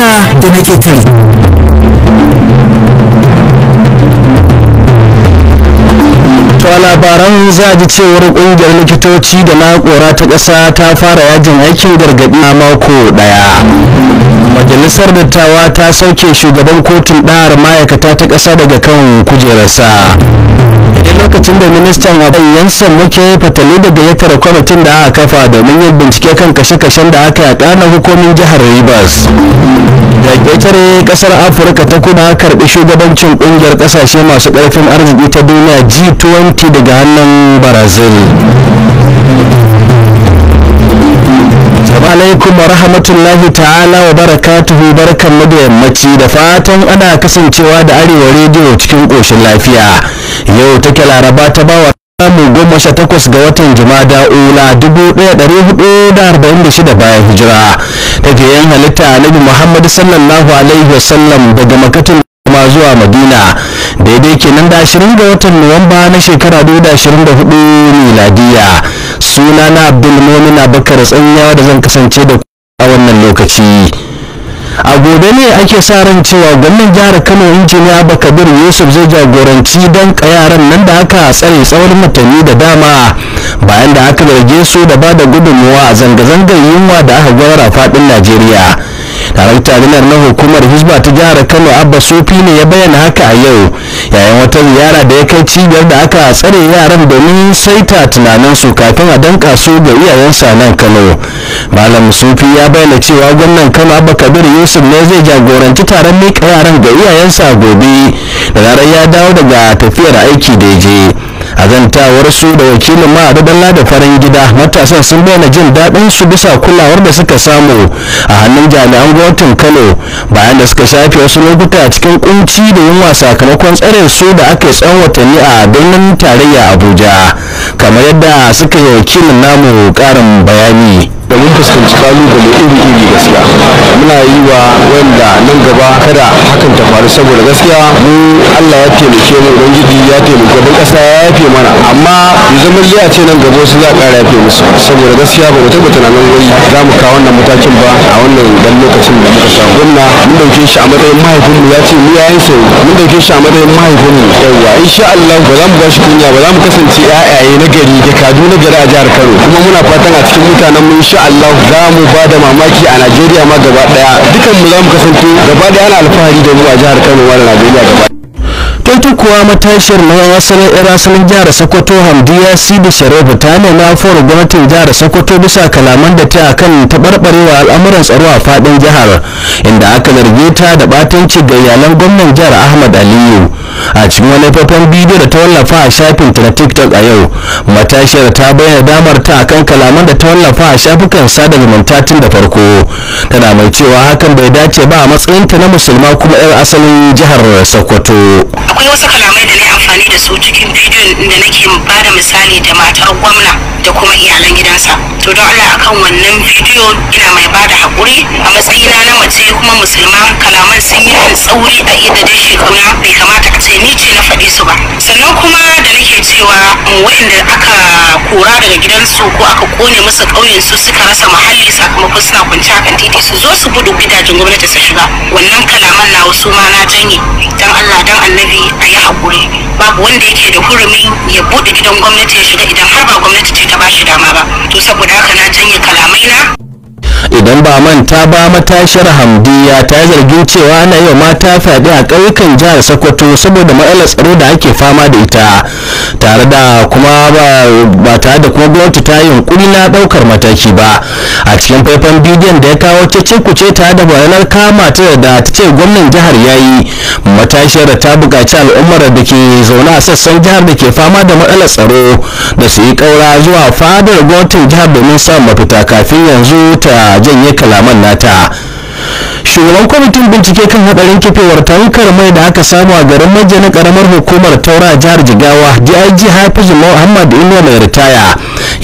Matter to make it three. labaran za ji cewar kungiyar likitoci da na kora ta kasa ta fara yajin aikin gargaɗi a mako ɗaya majalisar dattawa ta sauke shugaban kotun ɗahar ma'aikata ta ƙasa daga kan kujerarsa idan lokacin da ministan abin yansan muke fatali ya tara kwamitin da aka kafa domin yin bincike kan kashe-kashen da aka yaɗa na hukumin jihar rivers da ƙetare ƙasar afirka ta kuma karɓi shugabancin ƙungiyar ƙasashe masu ƙarfin arziki ta duniya g20 daga daga hannun brazil alaikum wa rahmatullahi ta'ala wa barakatuhu barkan mu da yammaci da fatan ana kasancewa da arewa rediyo cikin ƙoshin lafiya yau take laraba ta bawa samu goma sha takwas ga watan jumada ula dubu ɗaya ɗari hudu da arba'in da shida bayan hijira daga yan halitta annabi muhammad sallallahu alaihi wasallam daga makatin komawa zuwa madina daidai kenan da 20 ga watan nuwamba na shekara 2024 miladiya suna na Abdul abdulmomin abakar tsanyawa da zan kasance da a wannan lokaci a gobe ne ake sa ran cewa gwamnan jihar kano injiniya kabir yusuf zai jagoranci don yaran nan da aka tsare tsawon watanni da dama bayan da aka zarge su da ba da gudunmuwa a zanga-zangar yunwa da aka gwara faɗin najeriya da janar na hukumar hizba ta jihar kano abba sofi ne ya bayyana haka a yau yayin wata ziyara da ya kai cibiyar da aka tsare yaran domin saita tunaninsu kafin a danka su ga iyayensa nan kano malam sufi ya bayyana cewa gwamnan kano abba kabir yusuf ne zai jagoranci taron miƙa yaran ga iyayensa gobe da zarar ya dawo daga tafiyar aiki da je a zantawarsu da wakilin ma'adadalla da farin gida matasan sun bayyana jin daɗin su bisa kulawar da suka samu a hannun jami'an gwamnatin kano bayan da suka shafe wasu lokuta cikin kunci da yunwa sakamakon tsare su da aka yi tsawon watanni a birnin tarayya abuja kamar yadda suka yi wakilin namu ƙarin bayani da mun fuskanci kalubale iri-iri gaskiya muna yi wa wanda nan gaba kada hakan ta faru saboda gaskiya mu Allah ya taimake mu ubangiji ya taimake mu kasa ya yafe mana amma mu zama liya ce nan gaba su za ƙara yafe musu saboda gaskiya ba mu na nan wai za mu kawo wannan matakin ba a wannan dan lokacin da muka samu gwamna mun dauke shi a matsayin mahaifinmu ya ce mu yayin sa mun dauke shi a matsayin mahaifinmu yawa insha Allah ba za mu ba shi kunya ba za mu kasance ƴaƴaye na gari da kadu na gari a jihar Kano kuma muna fatan a cikin mutanen mu insha Allah za mu ba da mamaki a Najeriya ma gaba daya dukan mu za mu kasance gaba daya ana alfahari da mu a jihar Kano wa Najeriya gaba ita kuwa matashiyar mai asalin yar asalin jihar sokoto hamdiya sidi sharif ta na afuwar gwamnatin jihar sokoto bisa kalaman da ta kan taɓarɓarewa al'amuran tsaro a fadin jihar inda aka zarge ta da batanci ga iyalan gwamnan jihar ahmad aliyu a cikin wani faifan bidiyo da ta wallafa a shafin ta na tiktok a yau matashiyar ta bayyana damar ta akan kalaman da ta wallafa a shafukan sada zumunta tun da farko tana mai cewa hakan bai dace ba a matsayinta na musulma kuma 'yar asalin jihar sokoto akwai wasu kalamai da na yi amfani da su cikin bidiyon da nake bada misali da matar gwamna da kuma to don Allah akan wannan bidiyo ina mai ba da haƙuri a matsayina na mace kuma musulma kalaman sun yi tsauri a idadin shekuna bai kamata a ce ni ce na faɗi su ba sannan kuma da nake cewa um, waɗanda aka kora daga gidansu ko aka kone musu ƙauyen su suka rasa muhalli sakamakon suna kwanciya kan titi su zo su gudu gidajen gwamnati su shiga wannan kalaman na wasu ma na janye dan Allah dan annabi a yi haƙuri babu wanda yake da hurumi ya buɗe gidan gwamnati ya shiga idan har ba gwamnati ce ta ba shi dama ba to saboda Ya haka na janye kalamai na idan ba manta ba matashiyar hamdiya ta zargin cewa ana yi mata fyaɗe a ƙauyukan jihar sokoto saboda matsalar tsaro da ake fama da ita tare da kuma ba tare da kuma gwamnati ta yi yunkuri na ɗaukar mataki ba a cikin faifan bidiyon da ya kawo cece kuce tare da bayanar kama ta da ta ce gwamnan jihar ya yi matashiyar ta buƙaci al'ummar da ke zaune a sassan jihar da ke fama da matsalar tsaro da su yi ƙaura zuwa fadar gwamnatin jihar domin samun mafita kafin yanzu ta da janye kalaman nata shugaban kwamitin bincike kan hadarin kifewar tankar mai da aka samu a garin majiya na karamar hukumar taura jihar jigawa dig hafizu muhammad ino mai ritaya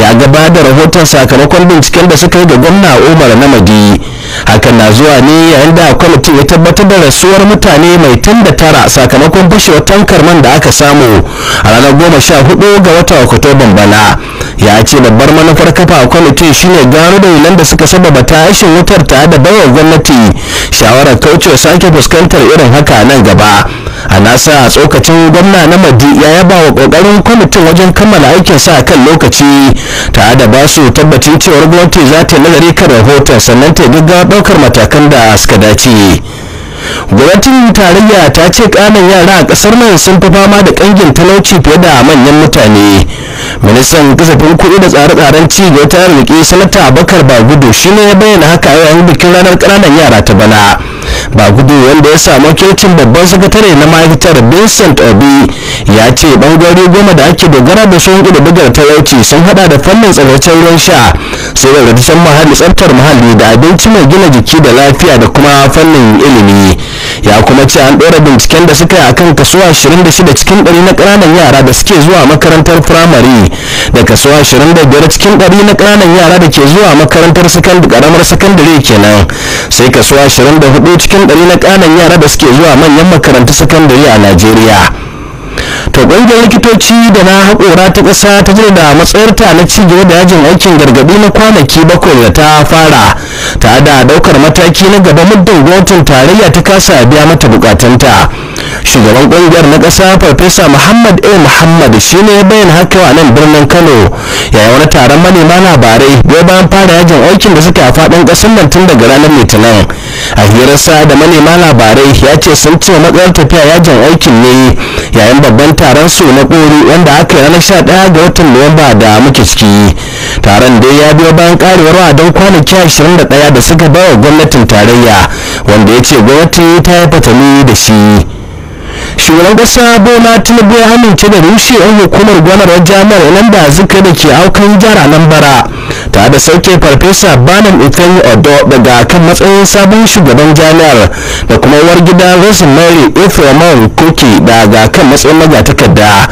ya gaba da rahoton sakamakon binciken da suka yi ga gwamna umar na namadi hakan na zuwa ne yayin da kwamitin ya tabbatar da rasuwar mutane mai tun da tara sakamakon fashewar tankar man da aka samu a ranar goma sha hudu ga wata oktoban bana ya ce babbar manufar kafa a kwamitin shine gano dalilan da suka sababa tashin wutar tare da bayar gwamnati shawarar kaucewa sake fuskantar irin haka nan gaba a nasa a tsokacin gwamna na madi ya yaba wa kokarin kwamitin wajen kammala aikin sa kan lokaci tare da basu tabbacin cewar gwamnati za ta nazari kan rahoton sannan ta gaggawa Daukar matakan da suka dace gwamnatin tarayya ta ce kanan yara a kasar nan sun fi fama da kangin talauci fiye da manyan mutane ministan kasafin kuɗi da tsare-tsaren ci ta riƙe sanata bakar bagudu ne ya bayyana haka yayin bikin ranar ƙananan yara ta bana bagudu wanda ya samu kirkin babban sakatare na ma'aikatar vincent obi ya ce bangare goma da ake dogara da sun gudu bugar talauci sun hada da fannin tsarkacen ruwan sha sai da radishan muhalli tsaftar muhalli da abinci mai gina jiki da lafiya da kuma fannin ilimi ya kuma ce an ɗora binciken da suka yi akan kaso 26 cikin 100 na ƙananan yara da suke zuwa makarantar firamare da kaso 25 cikin 100 na ƙananan yara da ke zuwa makarantar ƙaramar sakandare kenan sai kaso 24 cikin 100 na ƙananan yara da suke zuwa manyan makarantu sakandare a najeriya ta ƙungiyar likitoci da na haƙora ta ƙasa ta jira da matsayarta na ci gaba da yajin aikin gargaɗi na kwanaki bakwai da ta fara ta da ɗaukar mataki na gaba muddin gwamnatin tarayya ta kasa biya mata bukatunta. shugaban kungiyar na kasa farfesa muhammad a muhammad shi ne ya haka a nan birnin kano yayin wani taron manema labarai ya bayan fara yajin aikin da suka faɗin ƙasar nan tun daga ranar litinin a hirarsa da manema labarai ya ce sun ce matsayar tafiya yajin aikin ne yayin babban taron su na kori wanda aka yi ranar sha ɗaya ga watan nuwamba da muke ciki taron dai ya biyo bayan karewar don kwanaki ɗaya da suka bawa gwamnatin tarayya wanda ya ce gwamnati ta yi fatali da shi shugaban kasa bola tinubu ya amince da rushe yan hukumar gwamnar jami'ar ilanda zuka da ke aukan nan bara tare da sauke farfesa banan ifeanyi odo daga kan matsayin sabon shugaban jami'ar da kuma uwar gida rosemary ifeomon koki daga kan matsayin magatakarda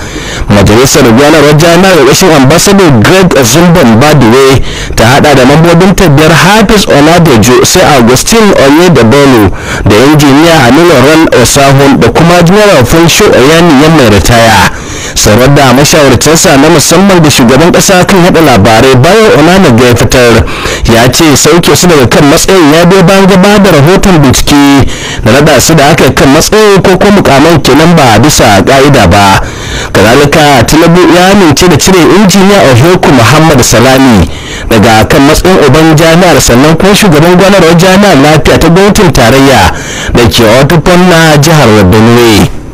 majalisar gudanarwar jami'ar ƙarƙashin ambassador greg zumban baduwe ta hada da mambobin tabbiyar hafiz oladejo sai augustine oyedebelu da injiniya aminu ran osahun da kuma general funshi oyani yan mai ritaya sanar da mashawarcinsa na musamman da shugaban kasa kan hada labarai bayan onana ya fitar ya ce sauke su daga kan matsayin ya biyo bayan gaba da rahoton bincike na nada su da aka kan matsayin ko ko mukamman kenan ba bisa ka'ida ba kazalika tinubu ya amince da cire injiniya oheku muhammad salami daga kan matsayin uban jami'ar sannan kuma shugaban gwanarwar jami'ar lafiya ta gwamnatin tarayya da ke otupon na jihar benue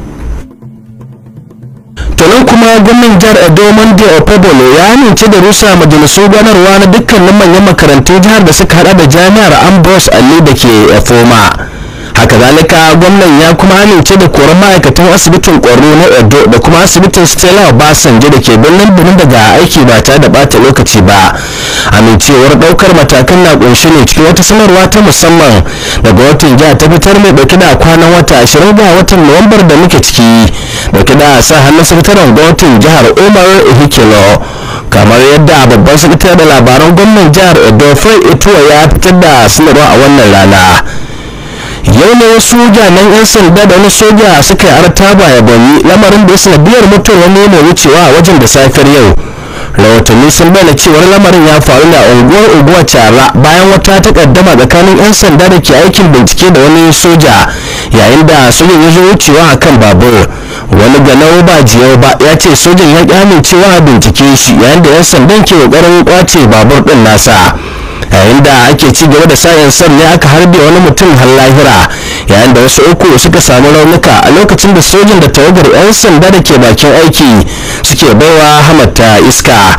sannan kuma gwamnan jihar edo monday opebolo ya amince da rusa majalisun ganarwa na dukkanin manyan makarantun jihar da suka hada da jami'ar ambrose ali da ke efoma haka zalika gwamnan ya kuma amince da koran ma'aikatan asibitin kwaro na edo da kuma asibitin stella obasanjo da ke birnin birnin daga aiki ba tare da bata lokaci ba amincewar daukar matakan na kunshi ne cikin wata sanarwa ta musamman daga watan jiha ta fitar mai dauke da kwanan wata ashirin ga watan nuwambar da muke ciki dauke da sa hannun sakataren gwamnatin jihar umar ehikelo kamar yadda babban sakataren labaran gwamnan jihar edo fai ituwa ya fitar da sanarwa a wannan rana yau ne wasu jami'an 'yan sanda da wani soja suka yi artaba ya gani lamarin da ya sanadiyar mutuwar wani mai wucewa a wajen da safiyar yau rahotanni sun bayyana cewar lamarin ya faru da unguwar unguwa cara bayan wata takaddama tsakanin 'yan sanda da ke aikin bincike da wani soja yayin da sojan ya zo wucewa a kan babur wani ganau ba jiyar ba ya ce sojan ya amincewa cewa bincike shi yayin da 'yan sandan ke kokarin kwace babur ɗin nasa yayin da ake ci gaba da sayan san ne aka harbe wani mutum har lahira yayin da wasu uku suka samu raunuka a lokacin da sojin da tawagar 'yan sanda da ke bakin aiki suke baiwa hamata iska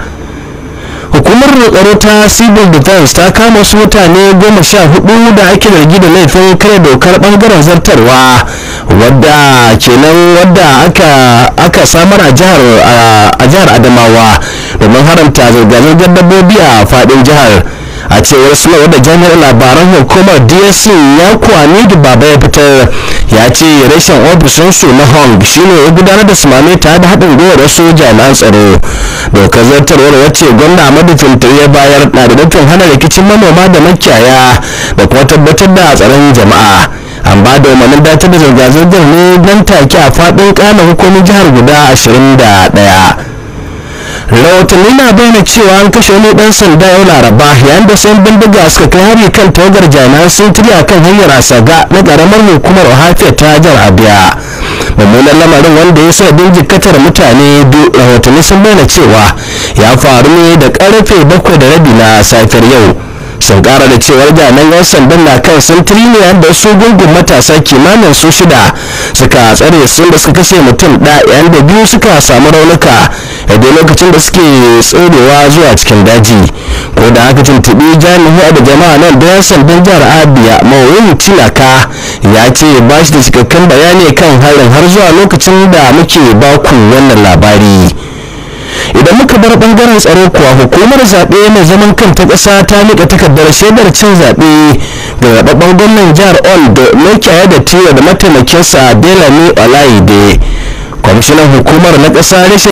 hukumar tsaro ta civil defense ta kama wasu mutane goma sha hudu da ake zargi da laifin kare dokar bangaren zartarwa wadda kenan wadda aka samar a jihar adamawa domin haramta zirga-zirgar dabbobi a fadin jihar a cewar suna da jami'ar labaran hukumar dsc ya kwani da baba ya fitar ya ce rashin ofishinsu na hong shine ya gudanar da sumame ta da haɗin gwiwar wasu jami'an tsaro dokar zartarwar wacce gwamna amadu ta ya bayar na da nufin hana rikicin manoma da makiyaya da kuma tabbatar da tsaron jama'a an ba da umarnin dace da zirga-zirgar ne don take a faɗin ƙana hukumar jihar guda da ɗaya. rahotanni na bayyana cewa an kashe wani dan sanda yau laraba yayin da sun bindiga suka kai hari kan togar jami'an sun a kan hanyar asaga na karamar hukumar ohafiya ta jihar abia mummunan lamarin wanda ya sa bin jikatar mutane biyu rahotanni sun bayyana cewa ya faru ne da karfe bakwai da rabi na safiyar yau sun kara da cewar jami'an 'yan sandan na kan sintiri ne da su gungun matasa kimanin su shida suka tsare sun da suka kashe mutum ɗaya da biyu suka samu raunuka yadda lokacin da suke tsorewa zuwa cikin daji ko da haka tuntuɓi jami'a da jama'a nan da 'yan sandan jihar abia mawuyin tilaka ya ce ba shi da cikakken bayani kan harin har zuwa lokacin da muke baku wannan labari idan muka bar bangaren tsaro kuwa hukumar zaɓe mai zaman kanta ƙasa ta miƙa takardar shaidar cin zaɓe ga rababban gwamnan jihar ondo mekiya da tiwa da mataimakinsa belami olayide kwamishinan hukumar na ƙasa rashin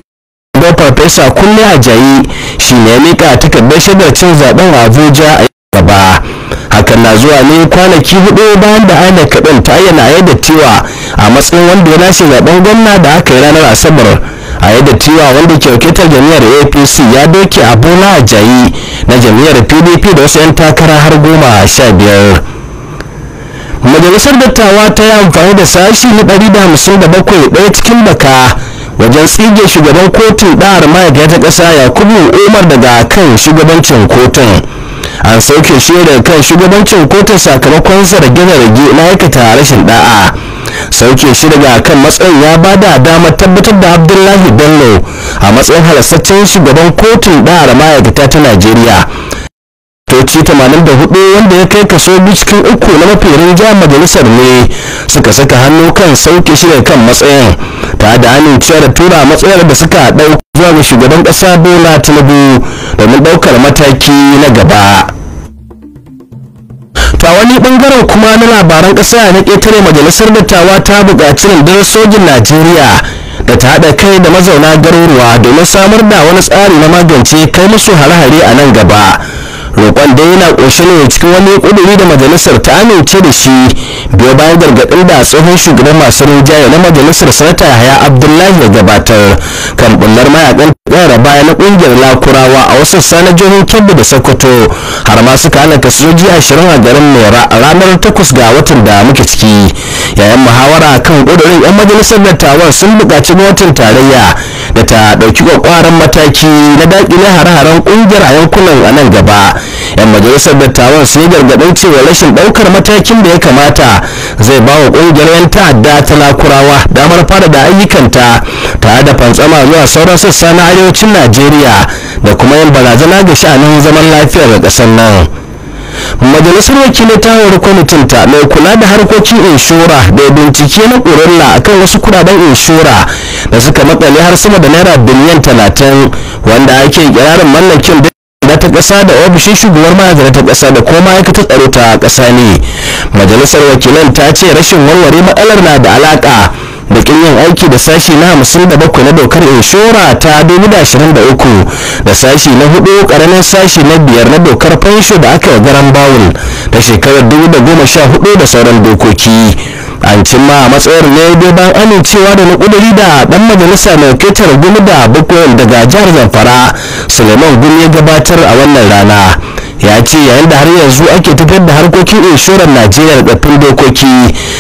da farfesa kulle ajayi shi ne miƙa takardar shaidar cin zaɓen a abuja a gaba hakan na zuwa ne kwanaki hudu bayan da aina kaɗan ta ayyana yadda tiwa a matsayin wanda ya lashe zaɓen gwamna da aka yi ranar asabar a yadda tiwa wanda ke wakiltar jami'ar apc ya doke abuna ajayi na jami'ar pdp da wasu 'yan takara har goma sha biyar majalisar dattawa ta yi amfani da sashi na ɗari da da bakwai ɗaya cikin baka wajen tsige shugaban kotun ɗahar ma'aikata ƙasa yakubu umar daga kan shugabancin kotun an sauke shi daga kan shugabancin kotun sakamakon zarge-zarge na aikata rashin ɗa'a sauke shi daga kan matsayin ya ba da damar tabbatar da abdullahi bello a matsayin halastaccen shugaban kotun ɗara ma'aikata ta najeriya toci 84 wanda ya kai kaso biyu cikin uku na mafi rinja majalisar ne suka saka hannu kan sauke shi daga kan matsayin ta da amincewa da tura matsayar da suka ɗauka zuwa ga shugaban ƙasa bola tinubu domin ɗaukar mataki na gaba wani bangaren kuma na labaran ƙasa na ƙetare majalisar dattawa ta buƙaci rundunar sojin najeriya da ta haɗa kai da mazauna garuruwa domin samar da wani tsari na magance kai musu hare-hare a nan gaba roƙon dai yana ƙunshe ne cikin wani ƙuduri da majalisar ta amince da shi biyo bayan gargaɗin da tsohon shugaban masu rinjaye na majalisar sanata yahaya abdullahi ya gabatar kan bullar mayakan tsara baya na ƙungiyar lakurawa a wasu sanar jihohin kebbi da sokoto har ma suka hana kasoji ashirin a garin mora a ranar takwas ga watan da muke ciki yayin muhawara kan ƙudurin 'yan majalisar dattawan sun buƙaci gwamnatin tarayya da ta ɗauki kwakwaran mataki na dakile hare-haren ƙungiyar a yankunan a nan gaba yan majalisar dattawan sun yi gargaɗin cewa rashin ɗaukar matakin da ya kamata zai ba wa ƙungiyar 'yan ta'adda ta lakurawa damar fara da ayyukanta tare da fantsama zuwa sauran sassa na arewacin najeriya da kuma yin barazana ga sha'anin zaman lafiyar ƙasar nan. majalisar wakilai ta hori kwamitin ta mai kula da harkokin inshora da bincike na ƙurilla akan wasu kudaden inshora da suka makale har sama da naira biliyan talatin wanda ake kirarin mallakin da ta ƙasa da ofishin shugabar ma'aikata ta ƙasa da kuma ma'aikatar tsaro ta ƙasa ne majalisar wakilan ta ce rashin warware matsalar na da alaƙa da yin aiki da sashi na 57 na dokar inshora ta 2023 da sashi na 4 karamin sashi na biyar na dokar fansho da aka garan bawul ta shekarar 2014 da sauran dokoki an cimma matsayar ne dai bayan amincewa da na da dan majalisa mai ketar gumi da bukwai daga jihar zamfara suleiman gumi ya gabatar a wannan rana ya ce yayin da har yanzu ake tafiyar da harkokin inshorar najeriya da tsaffin dokoki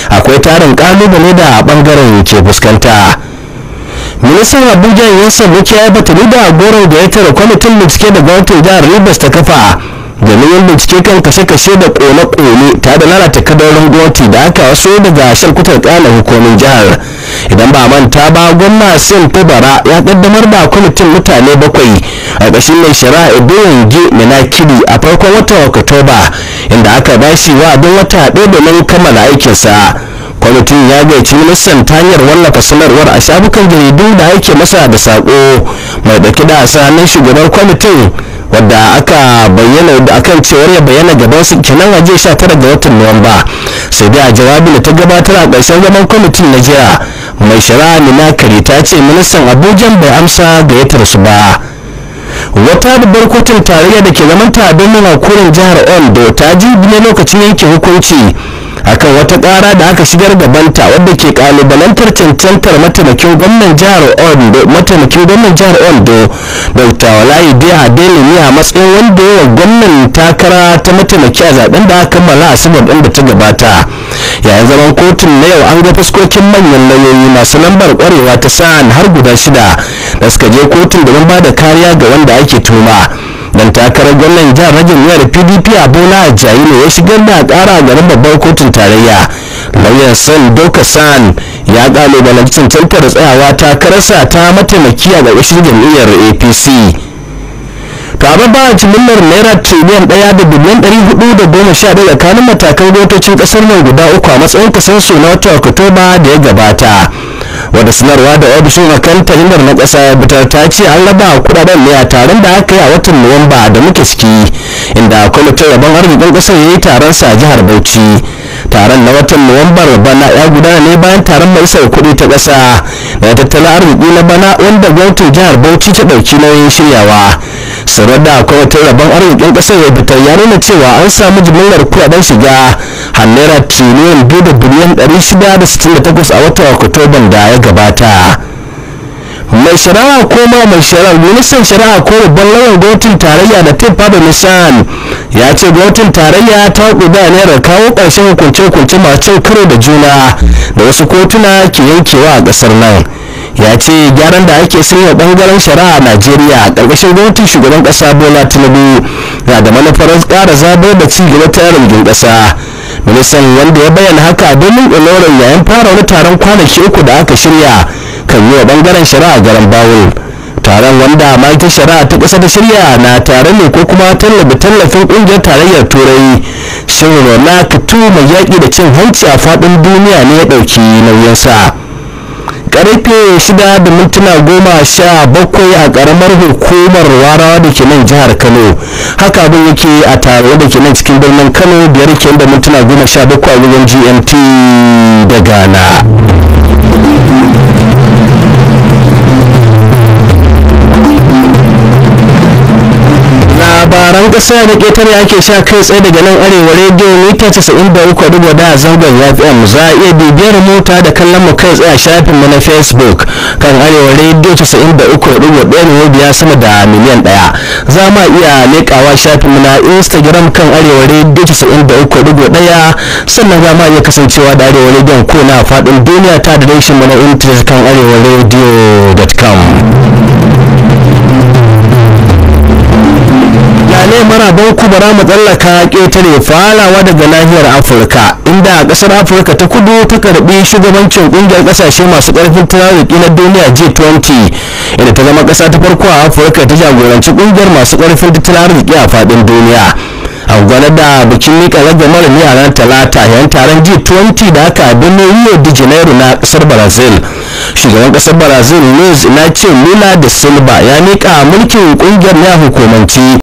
akwai tarin kalubale da bangaren ke fuskanta ministan abuja ya buki ya bata da goro da ya tara kwamitin bincike da gwamnatin jihar rivers ta kafa domin yin bincike kan kashe-kashe da kone-kone ta da lalata kadarin gwamnati da aka wasu daga shan kana hukumin jihar idan ba manta ba gwamna sin bara ya kaddamar da kwamitin mutane bakwai a ƙashin mai shari'a ibrahim minakiri a farkon watan oktoba inda aka bashi wa abin wata ɗaya da domin kammala aikinsa kwamitin ya gaici ministan ta hanyar wallafa sanarwar a shafukan jaridu da ake masa da sako mai ɗauki da sanin shugaban kwamitin wadda aka bayyana da akan cewar ya bayyana gaban su kenan a jiya 19 ga watan Nuwamba sai dai a jawabin da ta gabatar a ƙarshen zaman kwamitin na jiya mai shari'a Nina Kari ta ce ministan Abuja bai amsa ga gayyatar su ba wata babbar kotun tarayya da ke zaman ta birnin hakurin jihar ondo ta ji ne lokacin yanke hukunci akan wata kara da aka shigar da banta wadda ke kalubalantar cancantar mataimakin gwamnan jihar ondo mataimakin gwamnan jihar ondo bauta walayi ne a matsayin wanda yawa gwamnan takara ta mataimaki a zaben da aka kammala a sabar din da ta gabata yayin zaman kotun na yau an ga fuskokin manyan lauyoyi masu lambar kwarewa ta sa'an har guda shida da suka je kotun domin ba da kariya ga wanda ake tuma dan takarar gwamnan jihar rajin da pdp a bola ajayi ne ya shigar da kara garin babbar kotun tarayya lauyan san doka san ya balancin cancantar tsayawa takararsa ta mataimaki a ƙarƙashin jam'iyyar apc kama ba a cimillar naira triliyan daya da biliyan ɗari hudu da goma sha daya tsakanin matakan gwamnatocin kasar nan guda uku a matsayin kasar su na watan oktoba da ya gabata wadda sanarwa da ofishin makaranta hindar na kasa ya fitar ta ce an raba kudaden ne a taron da aka yi a watan nuwamba da muke ciki inda kwamitin rabon arzikin kasar ya yi taron sa a jihar bauchi taron na watan nuwambar bana ya gudana ne bayan taron majalisar kuɗi ta ƙasa da tattalin arziki na bana wanda gwamnatin jihar bauchi ta ɗauki nauyin shiryawa sanar da akwai wata rabon arzikin kasar ya fitar ya nuna cewa an samu jimillar kudaden shiga har naira triliyan biyu da a watan oktoban da ya gabata mai shari'a ko ma mai shari'a ministan shari'a ko babban lauyan gwamnatin tarayya da tim fado nisan ya ce gwamnatin tarayya ta kuda naira kawo ƙarshen hukunce-hukunce masu cin karo da juna da wasu kotuna ke yankewa a ƙasar nan ya ce gyaran da ake sai wa bangaren shari'a a najeriya a ƙarƙashin gwamnatin shugaban ƙasa bola tinubu na da manufar ƙara zabar da ci gaba ta rungin ƙasa ministan wanda ya bayyana haka domin ɗalorin yayin fara wani taron kwanaki uku da aka shirya kan yi wa bangaren shari'a garin bawul taron wanda ma'aikatar shari'a ta ƙasa ta shirya na tare ne ko kuma tallafi tallafin ƙungiyar tarayyar turai shirin na kitu mai yaƙi da cin hanci a faɗin duniya ne ya ɗauki nauyinsa. karfe 6 da mintuna goma sha bakwai a karamar hukumar warawa da ke nan jihar kano haka abin yake a tare da ke nan cikin birnin kano biyar ke da mintuna goma sha bakwai a wajen gmt da ghana kasa da ketare ake sha kai tsaye daga nan arewa rediyo mita 93.4 a zangon fm za a iya bibiyar mota da kallon mu kai tsaye a shafin mu na facebook kan arewa rediyo 93.1 ne biya sama da miliyan daya za ma iya lekawa shafin mu na instagram kan arewa rediyo 93.1 sannan za ma iya kasancewa da arewa rediyo ko na faɗin duniya ta da mu na internet kan arewa rediyo.com don kubura matsalaka tsallaka ƙetare falawa daga nahiyar afirka inda a ƙasar afirka ta kudu ta karbi shugabancin ƙungiyar ƙasashe masu ƙarfin turariki na duniya g20 inda ta zama ƙasa ta farko a afirka ta jagoranci ƙungiyar masu ƙarfin turariki a faɗin duniya a gwanar da bikin miƙa ragamar ne a ran talata yan taron g20 da aka birnin rio de janeiro na kasar brazil shugaban ƙasar brazil luis na lula da silva ya mika mulkin ƙungiyar ne a hukumanci